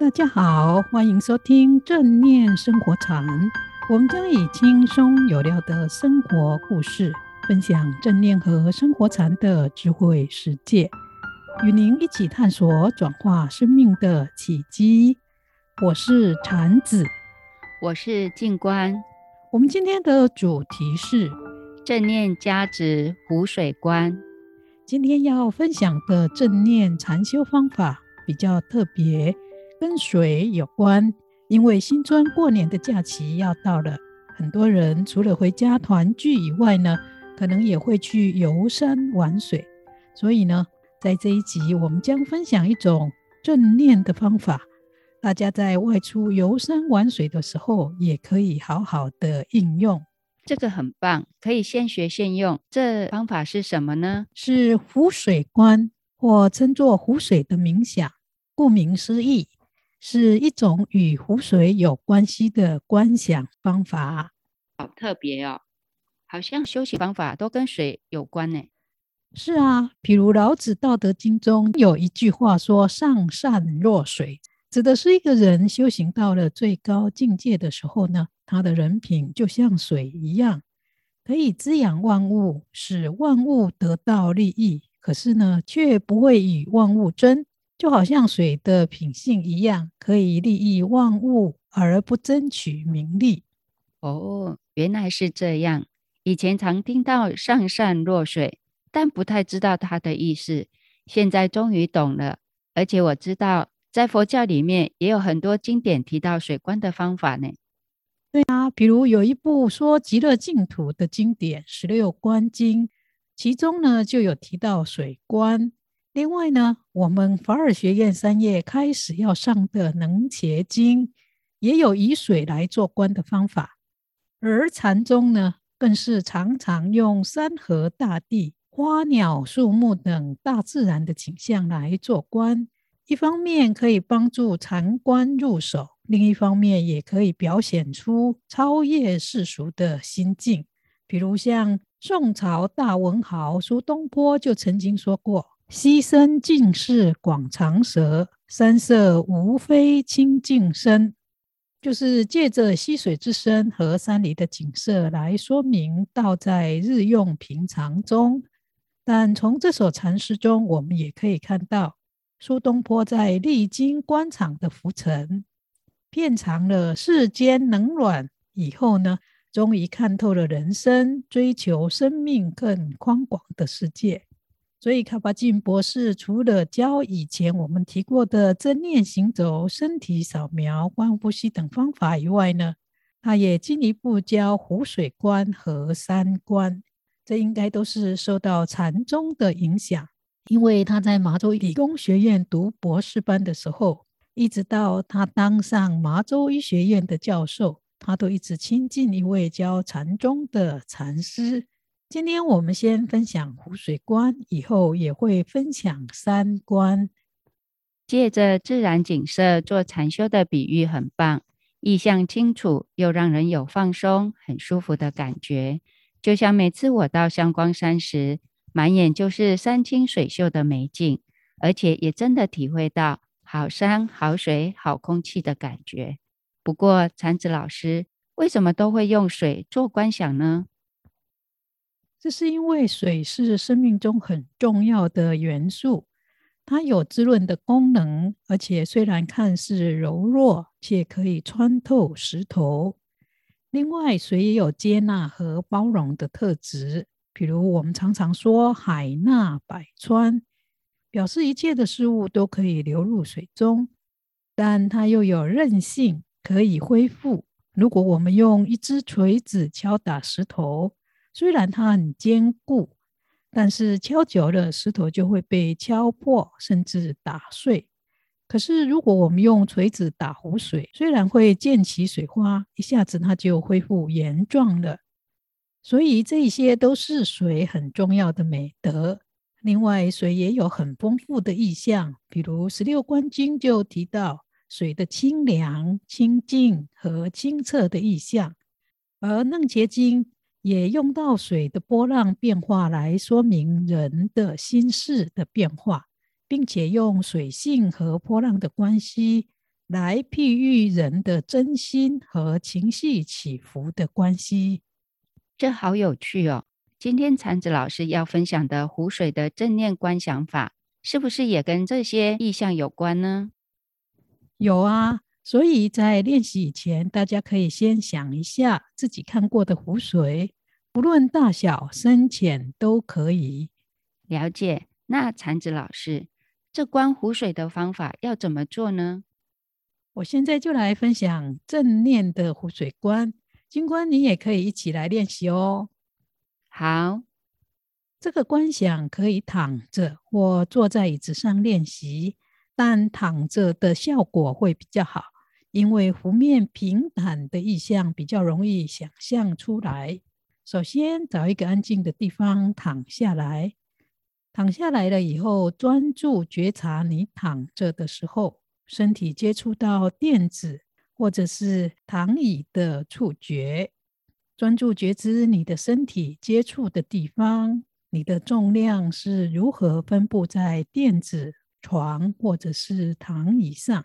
大家好，歡迎收聽正念生活禪。我們將以輕鬆有料的生活故事，分享正念和生活禪的智慧世界，與您一起探索轉化生命的契機。我是禪子，我是靜觀。我們今天的主題是正念加值湖水觀。今天要分享的正念禪修方法比較特別。跟水有關，因為新春過年的假期要到了，很多人除了回家團聚以外呢，可能也會去遊山玩水。所以呢，在這一集我們將分享一種正念的方法，大家在外出遊山玩水的時候，也可以好好的應用。這個很棒，可以現學現用。這方法是什麼呢？是湖水觀，或稱作湖水的冥想。顧名思義。是一種與湖水有關係的觀想方法，好特別哦！好像修行方法都跟水有關呢。是啊，譬如老子《道德經》中有一句話說：“上善若水”，指的是一個人修行到了最高境界的時候呢，他的人品就像水一樣，可以滋養萬物，使萬物得到利益，可是呢，卻不會與萬物爭。就好像水的品性一樣，可以利益萬物而不爭取名利。哦，原來是這樣。以前常聽到“上善若水”，但不太知道它的意思。現在終於懂了，而且我知道，在佛教裡面也有很多經典提到水觀的方法呢。對啊，比如有一部說極樂淨土的經典《十六觀經》，其中呢就有提到水觀。另外呢，我們法爾學院三月開始要上的《楞伽經》，也有以水來做觀的方法。而禪宗呢，更是常常用山河大地、花鳥樹木等大自然的景象來做觀。一方面可以幫助禪觀入手，另一方面也可以表現出超越世俗的心境。比如像宋朝大文豪蘇東坡就曾經說過。溪聲盡是廣長舌，山色無非清淨身，就是借着溪水之聲和山裡的景色來說明道在日用平常中。但從這首禪詩中，我們也可以看到蘇東坡在歷經官場的浮沉，遍嘗了世間冷暖以後呢，終於看透了人生，追求生命更寬廣的世界。所以，卡巴金博士除了教以前我們提過的正念行走、身體掃描、觀呼吸等方法以外呢，他也進一步教湖水觀和山觀。這應該都是受到禪宗的影響，因為他在麻州醫，在麻州醫理工學院讀博士班的時候，一直到他當上麻州醫學院的教授，他都一直親近一位教禪宗的禪師。今天我們先分享湖水觀，以後也會分享三觀。借着自然景色做禪修的比喻很棒，意象清楚又讓人有放鬆、很舒服的感覺。就像每次我到香光山時，滿眼就是山清水秀的美景，而且也真的體會到好山、好水、好空氣的感覺。不過，禪子老師為什麼都會用水做觀想呢？這是因為水是生命中很重要的元素，它有滋潤的功能，而且雖然看似柔弱，卻可以穿透石頭。另外，水也有接納和包容的特質，比如我們常常說“海納百川”，表示一切的事物都可以流入水中。但它又有韌性，可以恢復。如果我們用一隻錘子敲打石頭，雖然它很堅固，但是敲久了石頭就會被敲破，甚至打碎。可是如果我們用錘子打湖水，雖然會濺起水花，一下子它就恢復原狀了。所以這些都是水很重要的美德。另外，水也有很豐富的意象，比如《十六觀經》就提到水的清涼、清淨和清澈的意象，而《楞伽經》，也用到水的波浪變化來說明人的心識的變化，並且用水性和波浪的關係來譬喻人的真心和情緒起伏的關係，這好有趣哦！今天禪子老師要分享的湖水的正念觀想法，是不是也跟這些意象有關呢？有啊。所以在練習以前，大家可以先想一下自己看過的湖水，不論大小深淺都可以。了解，那禪子老師，這觀湖水的方法要怎麼做呢？我現在就來分享正念的湖水觀，儘管你也可以一起來練習哦。好，這個觀想可以躺着或坐在椅子上練習，但躺着的效果會比較好。因為湖面平坦的意象比較容易想象出來。首先找一個安靜的地方躺下來，躺下來了以後，專注覺察你躺着的時候，身體接觸到墊子或者是躺椅的觸覺。專注覺知你的身體接觸的地方，你的重量是如何分布在墊子、床或者是躺椅上。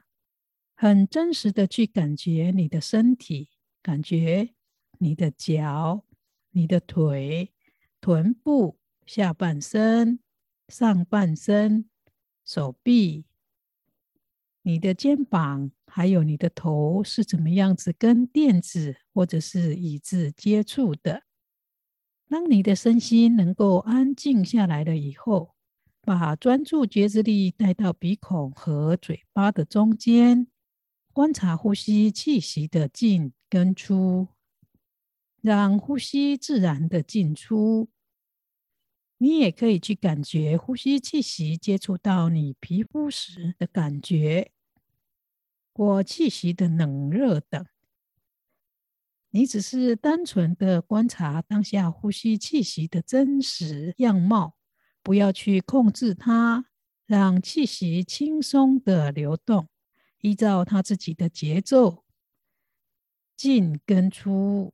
很真實的去感覺你的身體，感覺你的腳、你的腿、臀部、下半身、上半身、手臂、你的肩膀，還有你的頭是怎麼樣子跟墊子或者是椅子接觸的。當你的身心能夠安靜下來了以後，把專注覺知力帶到鼻孔和嘴巴的中間。觀察呼吸氣息的進跟出，讓呼吸自然的進出。你也可以去感覺呼吸氣息接觸到你皮膚時的感覺，或氣息的冷熱等。你只是單純的觀察當下呼吸氣息的真實樣貌，不要去控制它，讓氣息輕鬆的流動。依照他自己的節奏，進跟出。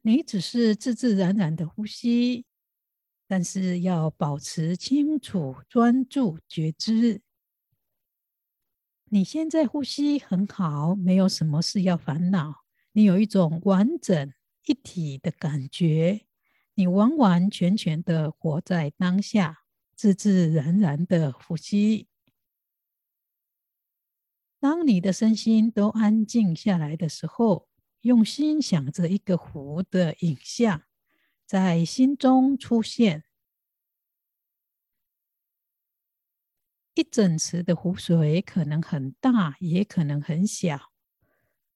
你只是自自然然的呼吸，但是要保持清楚、專注、覺知。你現在呼吸很好，沒有什麼事要煩惱。你有一種完整、一體的感覺，你完完全全的活在當下，自自然然的呼吸。當你的身心都安靜下來的時候，用心想着一個湖的影像，在心中出現。一整池的湖水可能很大，也可能很小，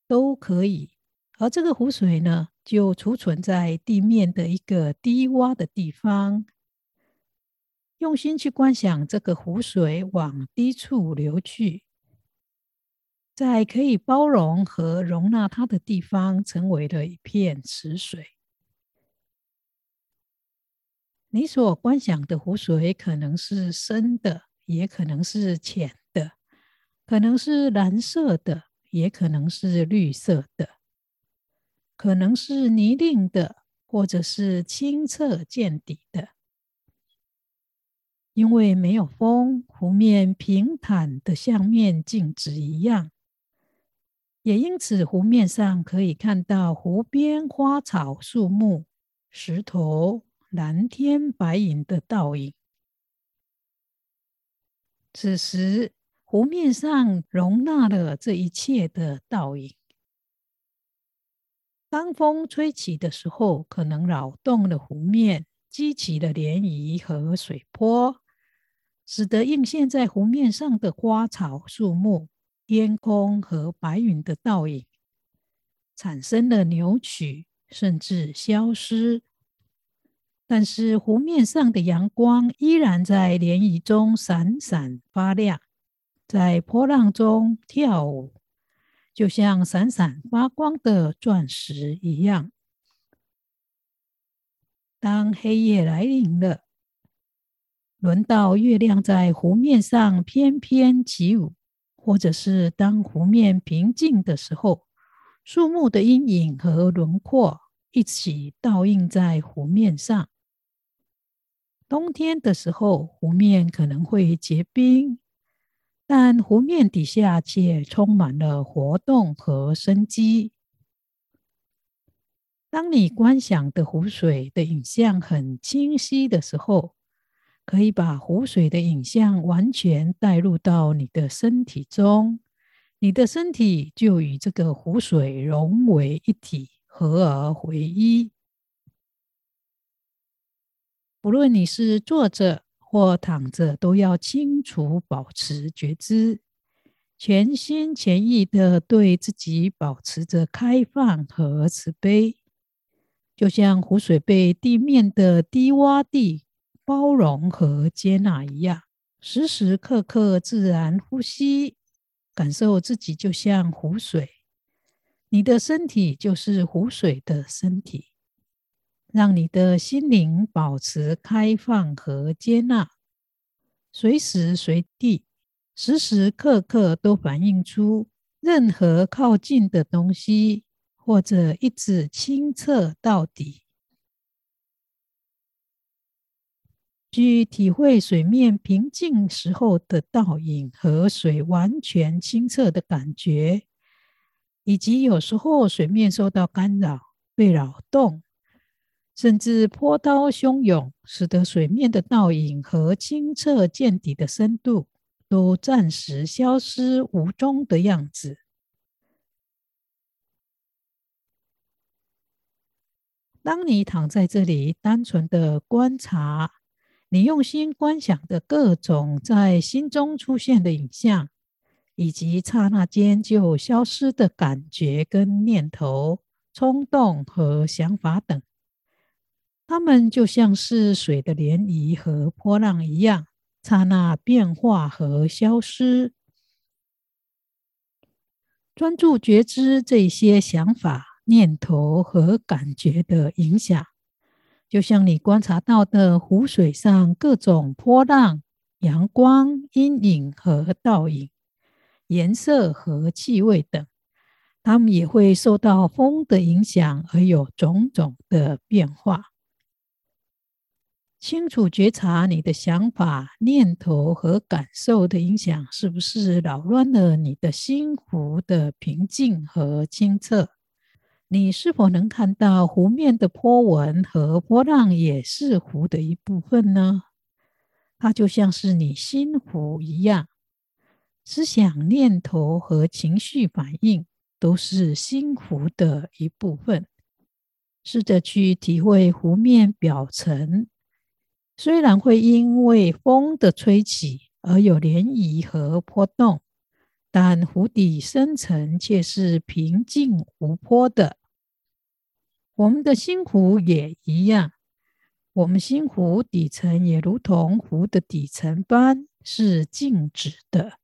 都可以。而這個湖水呢，就儲存在地面的一個低窪的地方。用心去觀想這個湖水往低處流去。在可以包容和容納它的地方，成為了一片池水。你所觀想的湖水可能是深的，也可能是淺的；可能是藍色的，也可能是綠色的；可能是泥濘的，或者是清澈見底的。因為沒有風，湖面平坦得像面鏡子一樣。也因此，湖面上可以看到湖邊花草樹木、石頭、藍天白雲的倒影。此時，湖面上容納了這一切的倒影。當風吹起的時候，可能擾動了湖面，激起了漣漪和水波，使得映現在湖面上的花草樹木。天空和白雲的倒影產生了扭曲，甚至消失。但是湖面上的陽光依然在漣漪中閃閃發亮，在波浪中跳舞，就像閃閃發光的鑽石一樣。當黑夜來臨了，輪到月亮在湖面上翩翩起舞。或者是當湖面平靜的時候，樹木的陰影和輪廓一起倒映在湖面上。冬天的時候，湖面可能會結冰，但湖面底下卻充滿了活動和生機。當你觀想的湖水的影像很清晰的時候，可以把湖水的影像完全帶入到你的身體中，你的身體就與這個湖水融為一體，合而為一。不論你是坐着或躺着，都要清楚保持覺知，全心全意的對自己保持着開放和慈悲，就像湖水被地面的低窪地，包容和接納一樣，時時刻刻自然呼吸，感受自己就像湖水，你的身體就是湖水的身體，讓你的心靈保持開放和接納，隨時隨地、時時刻刻都反映出任何靠近的東西，或者一直清澈到底。去體會水面平靜時候的倒影和水完全清澈的感覺，以及有時候水面受到干擾被擾動，甚至波濤洶湧，使得水面的倒影和清澈見底的深度都暫時消失無蹤的樣子。當你躺在這裡，單純的觀察。你用心觀想的各種在心中出現的影像，以及剎那間就消失的感覺、跟念頭、衝動和想法等，它們就像是水的漣漪和波浪一樣，剎那變化和消失。專注覺知這些想法、念頭和感覺的影響。就像你觀察到的湖水上各種波浪、陽光、陰影和倒影、顏色和氣味等，它們也會受到風的影響而有種種的變化。清楚覺察你的想法、念頭和感受的影響，是不是擾亂了你的心湖的平靜和清澈？你是否能看到湖面的波紋和波浪也是湖的一部分呢？它就像是你心湖一樣，思想、念頭和情緒反應都是心湖的一部分。試着去體會湖面表層，雖然會因為風的吹起而有漣漪和波動，但湖底深層卻是平靜無波的。我們的心湖也一樣，我們心湖底層也如同湖的底層般是靜止的。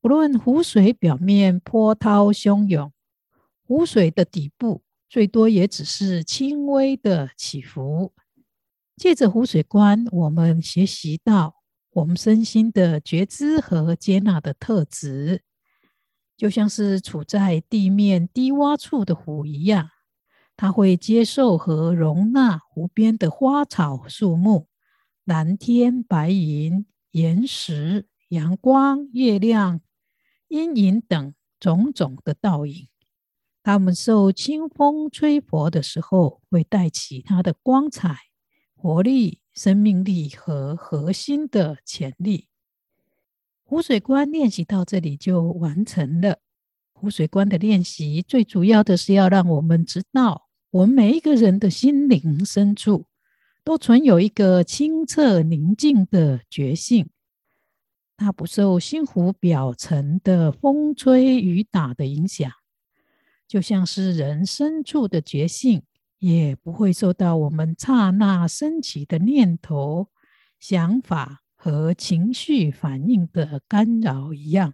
不論湖水表面波濤洶湧，湖水的底部最多也只是輕微的起伏。借着湖水觀，我們學習到我們身心的覺知和接納的特質，就像是處在地面低窪處的湖一樣。它會接受和容納湖邊的花草樹木、藍天白雲、岩石、陽光、月亮、陰影等種種的倒影。它們受清風吹拂的時候，會帶起它的光彩、活力、生命力和核心的潛力。湖水觀練習到這裡就完成了。湖水觀的練習最主要的是要讓我們知道。我們每一個人的心靈深處，都存有一個清澈寧靜的覺性，它不受心湖表層的風吹雨打的影響。就像是人深處的覺性，也不會受到我們剎那升起的念頭、想法和情緒反應的干擾一樣。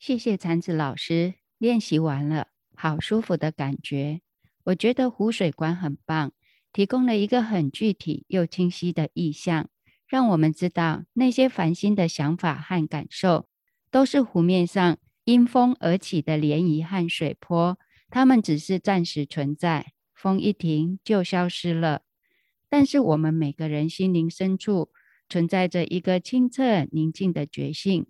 謝謝禪子老師，練習完了，好舒服的感覺。我覺得湖水觀很棒，提供了一個很具體又清晰的意象，讓我們知道那些煩心的想法和感受，都是湖面上因風而起的漣漪和水波，它們只是暫時存在，風一停就消失了。但是我們每個人心靈深處存在着一個清澈寧靜的覺性，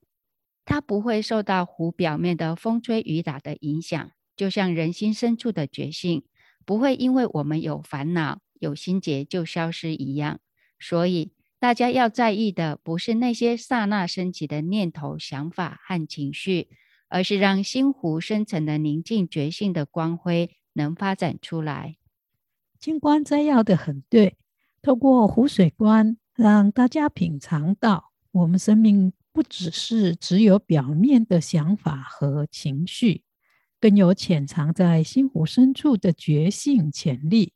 它不會受到湖表面的風吹雨打的影響，就像人心深處的覺性。不會因為我們有煩惱、有心結就消失一樣，所以大家要在意的不是那些剎那生起的念頭、想法和情緒，而是讓心湖深層的寧靜覺性的光輝能發展出來。清觀摘要得很對，透過湖水觀，讓大家品嘗到我們生命不只是只有表面的想法和情緒。更有潛藏在心湖深處的覺性潛力。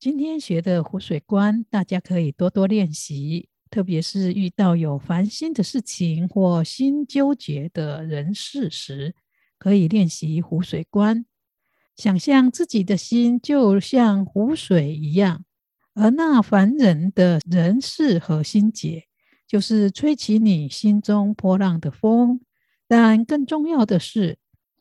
今天學的湖水觀，大家可以多多練習，特別是遇到有煩心的事情或心糾結的人事時，可以練習湖水觀，想象自己的心就像湖水一樣，而那煩人的人事和心結，就是吹起你心中波浪的風。但更重要的是，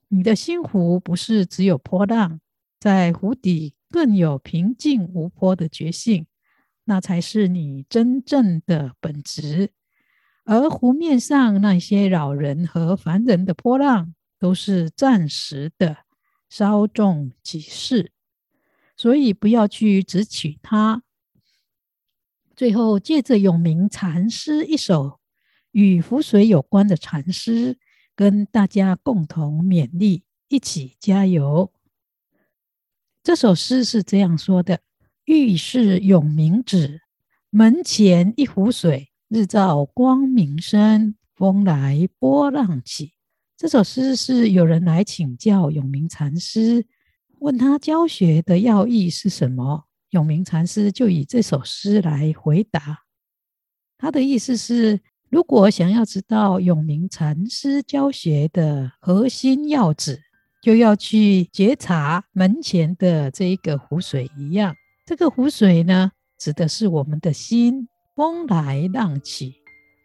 你的心湖不是只有波浪，在湖底更有平靜無波的覺性，那才是你真正的本質。而湖面上那些擾人和煩人的波浪，都是暫時的、稍縱即逝，所以不要去執取它。最後，借着永明禪師一首與湖水有關的禪詩。跟大家共同勉勵，一起加油。這首詩是這樣說的：“欲識永明旨，門前一湖水，日照光明生，風來波浪起。”這首詩是有人來請教永明禪師，問他教學的要義是什麼。永明禪師就以這首詩來回答，他的意思是。如果想要知道永明禪師教學的核心要旨，就要去覺察門前的這一個湖水一樣。這個湖水呢，指的是我們的心。風來浪起，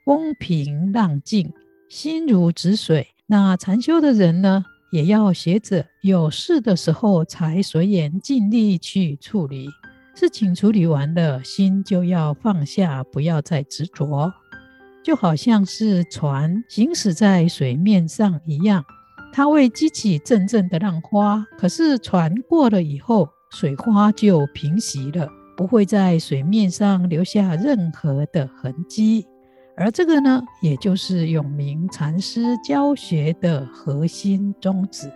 風平浪靜，心如止水。那禪修的人呢，也要學着有事的時候才隨緣盡力去處理，事情處理完了，心就要放下，不要再執着。就好像是船行駛在水面上一樣，它會激起陣陣的浪花。可是船過了以後，水花就平息了，不會在水面上留下任何的痕跡。而這個呢，也就是永明禪師教學的核心宗旨。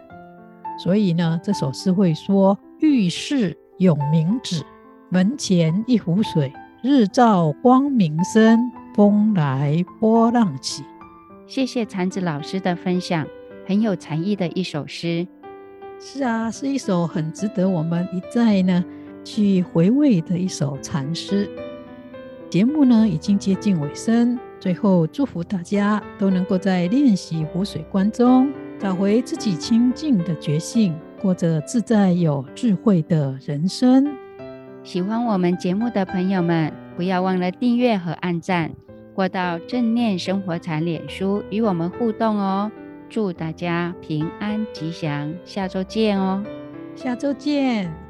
所以呢，這首詩會說：“欲識永明旨，門前一湖水，日照光明生。”風來波浪起。謝謝禪子老師的分享，很有禪意的一首詩。是啊，是一首很值得我們一再呢去回味的一首禪詩。節目呢已經接近尾聲，最後祝福大家都能夠在練習湖水觀中找回自己清淨的覺性，過着自在有智慧的人生。喜歡我們節目的朋友們。不要忘了訂閱和按讚，或到正念生活禪臉書與我們互動哦。祝大家平安吉祥，下週見哦！下週見。